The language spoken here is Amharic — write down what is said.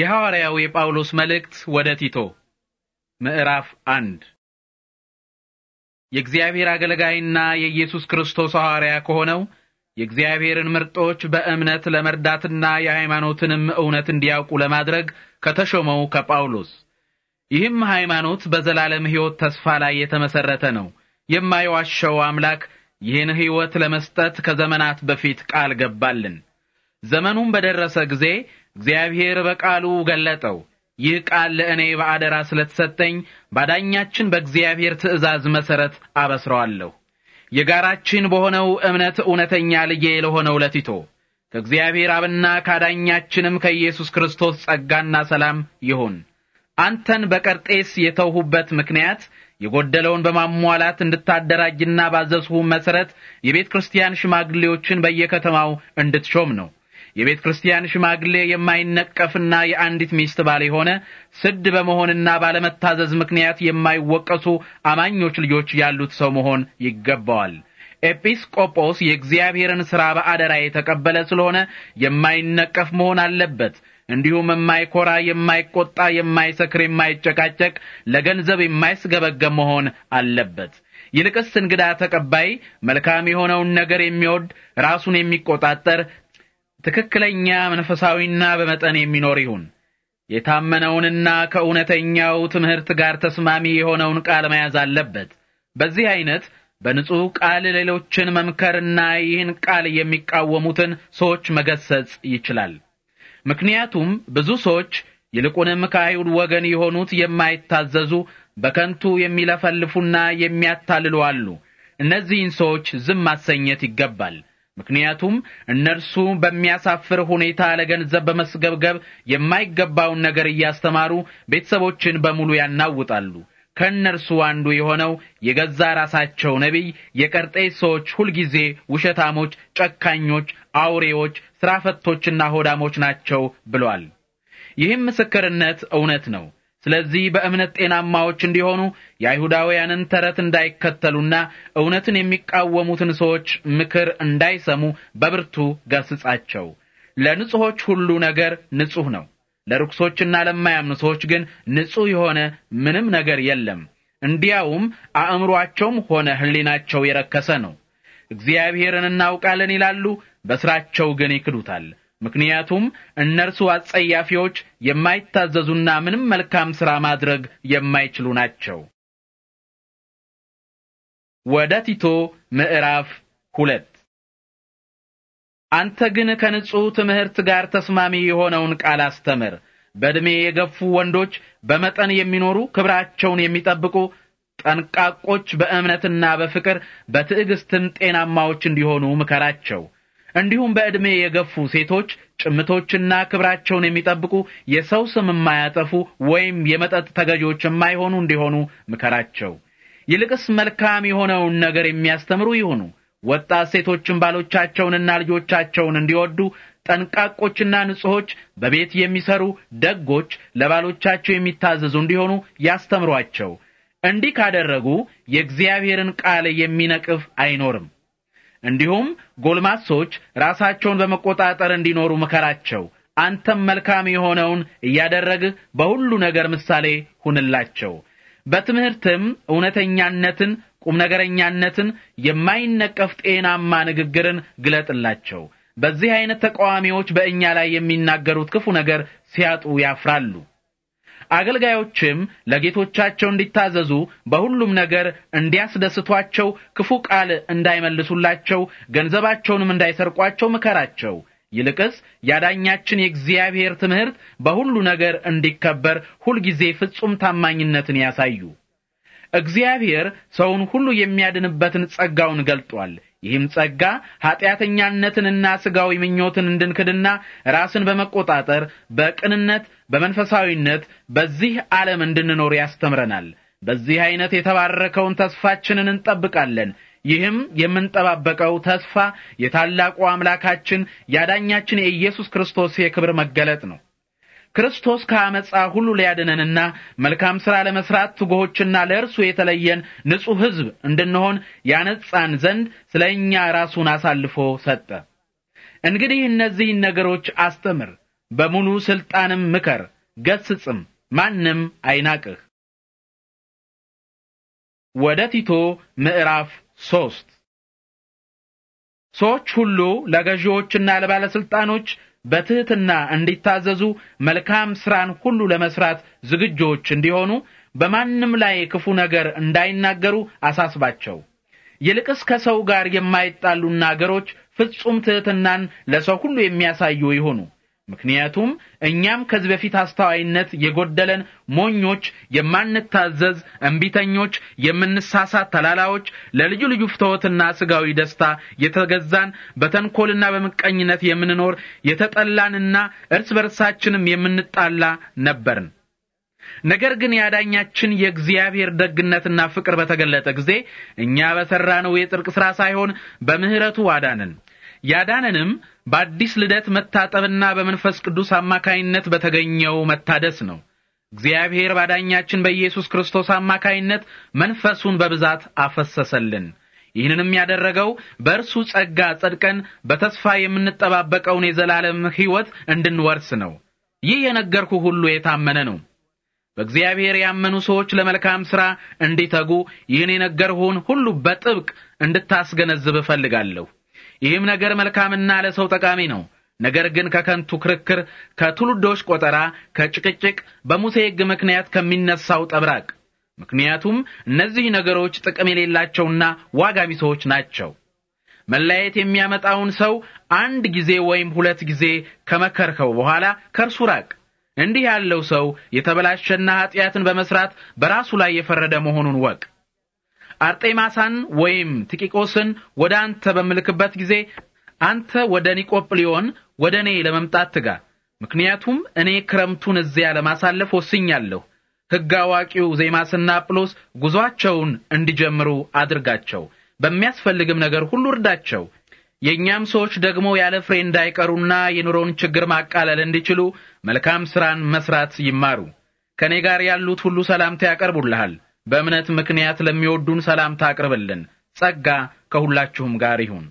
የሐዋርያው የጳውሎስ መልእክት ወደ ቲቶ ምዕራፍ አንድ የእግዚአብሔር አገልጋይና የኢየሱስ ክርስቶስ ሐዋርያ ከሆነው የእግዚአብሔርን ምርጦች በእምነት ለመርዳትና የሃይማኖትንም እውነት እንዲያውቁ ለማድረግ ከተሾመው ከጳውሎስ። ይህም ሃይማኖት በዘላለም ሕይወት ተስፋ ላይ የተመሰረተ ነው። የማይዋሸው አምላክ ይህን ሕይወት ለመስጠት ከዘመናት በፊት ቃል ገባልን። ዘመኑም በደረሰ ጊዜ እግዚአብሔር በቃሉ ገለጠው። ይህ ቃል ለእኔ በአደራ ስለተሰጠኝ ባዳኛችን በእግዚአብሔር ትእዛዝ መሰረት አበስረዋለሁ። የጋራችን በሆነው እምነት እውነተኛ ልጄ ለሆነው ለቲቶ ከእግዚአብሔር አብና ካዳኛችንም ከኢየሱስ ክርስቶስ ጸጋና ሰላም ይሁን። አንተን በቀርጤስ የተውሁበት ምክንያት የጎደለውን በማሟላት እንድታደራጅና ባዘዝሁ መሰረት የቤተ ክርስቲያን ሽማግሌዎችን በየከተማው እንድትሾም ነው። የቤተ ክርስቲያን ሽማግሌ የማይነቀፍና የአንዲት ሚስት ባል የሆነ ስድ በመሆንና ባለመታዘዝ ምክንያት የማይወቀሱ አማኞች ልጆች ያሉት ሰው መሆን ይገባዋል። ኤጲስቆጶስ የእግዚአብሔርን ሥራ በአደራ የተቀበለ ስለሆነ የማይነቀፍ መሆን አለበት። እንዲሁም የማይኮራ፣ የማይቆጣ፣ የማይሰክር፣ የማይጨቃጨቅ፣ ለገንዘብ የማይስገበገብ መሆን አለበት። ይልቅስ እንግዳ ተቀባይ፣ መልካም የሆነውን ነገር የሚወድ፣ ራሱን የሚቆጣጠር፣ ትክክለኛ መንፈሳዊና በመጠን የሚኖር ይሁን። የታመነውንና ከእውነተኛው ትምህርት ጋር ተስማሚ የሆነውን ቃል መያዝ አለበት። በዚህ አይነት በንጹሕ ቃል ሌሎችን መምከርና ይህን ቃል የሚቃወሙትን ሰዎች መገሰጽ ይችላል። ምክንያቱም ብዙ ሰዎች ይልቁንም ከአይሁድ ወገን የሆኑት የማይታዘዙ በከንቱ የሚለፈልፉና የሚያታልሉ አሉ። እነዚህን ሰዎች ዝም ማሰኘት ይገባል። ምክንያቱም እነርሱ በሚያሳፍር ሁኔታ ለገንዘብ በመስገብገብ የማይገባውን ነገር እያስተማሩ ቤተሰቦችን በሙሉ ያናውጣሉ። ከእነርሱ አንዱ የሆነው የገዛ ራሳቸው ነቢይ የቀርጤስ ሰዎች ሁልጊዜ ውሸታሞች፣ ጨካኞች፣ አውሬዎች፣ ስራ ፈቶችና ሆዳሞች ናቸው ብሏል። ይህም ምስክርነት እውነት ነው። ስለዚህ በእምነት ጤናማዎች እንዲሆኑ የአይሁዳውያንን ተረት እንዳይከተሉና እውነትን የሚቃወሙትን ሰዎች ምክር እንዳይሰሙ በብርቱ ገስጻቸው። ለንጹሖች ሁሉ ነገር ንጹሕ ነው፣ ለርኩሶችና ለማያምኑ ሰዎች ግን ንጹሕ የሆነ ምንም ነገር የለም። እንዲያውም አእምሮአቸውም ሆነ ሕሊናቸው የረከሰ ነው። እግዚአብሔርን እናውቃለን ይላሉ፣ በሥራቸው ግን ይክዱታል። ምክንያቱም እነርሱ አጸያፊዎች፣ የማይታዘዙና ምንም መልካም ሥራ ማድረግ የማይችሉ ናቸው። ወደ ቲቶ ምዕራፍ ሁለት አንተ ግን ከንጹሕ ትምህርት ጋር ተስማሚ የሆነውን ቃል አስተምር። በዕድሜ የገፉ ወንዶች፣ በመጠን የሚኖሩ፣ ክብራቸውን የሚጠብቁ፣ ጠንቃቆች፣ በእምነትና በፍቅር በትዕግስትም ጤናማዎች እንዲሆኑ ምከራቸው። እንዲሁም በዕድሜ የገፉ ሴቶች ጭምቶችና ክብራቸውን የሚጠብቁ የሰው ስም የማያጠፉ ወይም የመጠጥ ተገዢዎች የማይሆኑ እንዲሆኑ ምከራቸው። ይልቅስ መልካም የሆነውን ነገር የሚያስተምሩ ይሁኑ። ወጣት ሴቶችን ባሎቻቸውንና ልጆቻቸውን እንዲወዱ፣ ጠንቃቆችና ንጹሖች፣ በቤት የሚሰሩ ደጎች፣ ለባሎቻቸው የሚታዘዙ እንዲሆኑ ያስተምሯቸው። እንዲህ ካደረጉ የእግዚአብሔርን ቃል የሚነቅፍ አይኖርም። እንዲሁም ጎልማሶች ራሳቸውን በመቆጣጠር እንዲኖሩ ምከራቸው። አንተም መልካም የሆነውን እያደረግህ በሁሉ ነገር ምሳሌ ሁንላቸው። በትምህርትም እውነተኛነትን፣ ቁም ነገረኛነትን፣ የማይነቀፍ ጤናማ ንግግርን ግለጥላቸው። በዚህ አይነት ተቃዋሚዎች በእኛ ላይ የሚናገሩት ክፉ ነገር ሲያጡ ያፍራሉ። አገልጋዮችም ለጌቶቻቸው እንዲታዘዙ በሁሉም ነገር እንዲያስደስቷቸው ክፉ ቃል እንዳይመልሱላቸው ገንዘባቸውንም እንዳይሰርቋቸው ምከራቸው። ይልቅስ ያዳኛችን የእግዚአብሔር ትምህርት በሁሉ ነገር እንዲከበር ሁልጊዜ ፍጹም ታማኝነትን ያሳዩ። እግዚአብሔር ሰውን ሁሉ የሚያድንበትን ጸጋውን ገልጧል። ይህም ጸጋ ኀጢአተኛነትንና ሥጋዊ ምኞትን እንድንክድና ራስን በመቆጣጠር በቅንነት በመንፈሳዊነት በዚህ ዓለም እንድንኖር ያስተምረናል። በዚህ አይነት የተባረከውን ተስፋችንን እንጠብቃለን። ይህም የምንጠባበቀው ተስፋ የታላቁ አምላካችን ያዳኛችን የኢየሱስ ክርስቶስ የክብር መገለጥ ነው። ክርስቶስ ከአመፃ ሁሉ ሊያድነንና መልካም ሥራ ለመሥራት ትጉሆችና ለእርሱ የተለየን ንጹሕ ሕዝብ እንድንሆን ያነጻን ዘንድ ስለ እኛ ራሱን አሳልፎ ሰጠ። እንግዲህ እነዚህን ነገሮች አስተምር በሙሉ ስልጣንም ምከር፣ ገስጽም፣ ማንም አይናቅህ። ወደ ቲቶ ምዕራፍ ሶስት ሰዎች ሁሉ ለገዢዎችና ለባለስልጣኖች በትህትና እንዲታዘዙ መልካም ስራን ሁሉ ለመስራት ዝግጆች እንዲሆኑ በማንም ላይ ክፉ ነገር እንዳይናገሩ አሳስባቸው። ይልቅስ ከሰው ጋር የማይጣሉና አገሮች ፍጹም ትህትናን ለሰው ሁሉ የሚያሳዩ ይሁኑ። ምክንያቱም እኛም ከዚህ በፊት አስተዋይነት የጎደለን ሞኞች፣ የማንታዘዝ እምቢተኞች፣ የምንሳሳት ተላላዎች፣ ለልዩ ልዩ ፍትወትና ስጋዊ ደስታ የተገዛን፣ በተንኮልና በምቀኝነት የምንኖር የተጠላንና እርስ በርሳችንም የምንጣላ ነበርን። ነገር ግን ያዳኛችን የእግዚአብሔር ደግነትና ፍቅር በተገለጠ ጊዜ እኛ በሠራነው የጽድቅ ሥራ ሳይሆን በምሕረቱ አዳንን። ያዳነንም በአዲስ ልደት መታጠብና በመንፈስ ቅዱስ አማካይነት በተገኘው መታደስ ነው። እግዚአብሔር ባዳኛችን በኢየሱስ ክርስቶስ አማካይነት መንፈሱን በብዛት አፈሰሰልን። ይህንንም ያደረገው በእርሱ ጸጋ ጸድቀን በተስፋ የምንጠባበቀውን የዘላለም ሕይወት እንድንወርስ ነው። ይህ የነገርኩ ሁሉ የታመነ ነው። በእግዚአብሔር ያመኑ ሰዎች ለመልካም ሥራ እንዲተጉ ይህን የነገርሁን ሁሉ በጥብቅ እንድታስገነዝብ እፈልጋለሁ። ይህም ነገር መልካምና ለሰው ጠቃሚ ነው። ነገር ግን ከከንቱ ክርክር፣ ከትውልዶች ቆጠራ፣ ከጭቅጭቅ፣ በሙሴ ሕግ ምክንያት ከሚነሳው ጠብራቅ ምክንያቱም እነዚህ ነገሮች ጥቅም የሌላቸውና ዋጋ ቢሶች ናቸው። መለያየት የሚያመጣውን ሰው አንድ ጊዜ ወይም ሁለት ጊዜ ከመከርከው በኋላ ከእርሱ ራቅ። እንዲህ ያለው ሰው የተበላሸና ኀጢአትን በመስራት በራሱ ላይ የፈረደ መሆኑን ወቅ አርጤማሳን ወይም ቲቂቆስን ወደ አንተ በምልክበት ጊዜ አንተ ወደ ኒቆጵሊዮን ወደ እኔ ለመምጣት ትጋ። ምክንያቱም እኔ ክረምቱን እዚያ ለማሳለፍ ወስኛለሁ። ሕግ አዋቂው ዜማስና አጵሎስ ጉዟቸውን እንዲጀምሩ አድርጋቸው፣ በሚያስፈልግም ነገር ሁሉ እርዳቸው። የእኛም ሰዎች ደግሞ ያለ ፍሬ እንዳይቀሩና የኑሮን ችግር ማቃለል እንዲችሉ መልካም ሥራን መስራት ይማሩ። ከእኔ ጋር ያሉት ሁሉ ሰላምታ ያቀርቡልሃል። በእምነት ምክንያት ለሚወዱን ሰላምታ አቅርብልን። ጸጋ ከሁላችሁም ጋር ይሁን።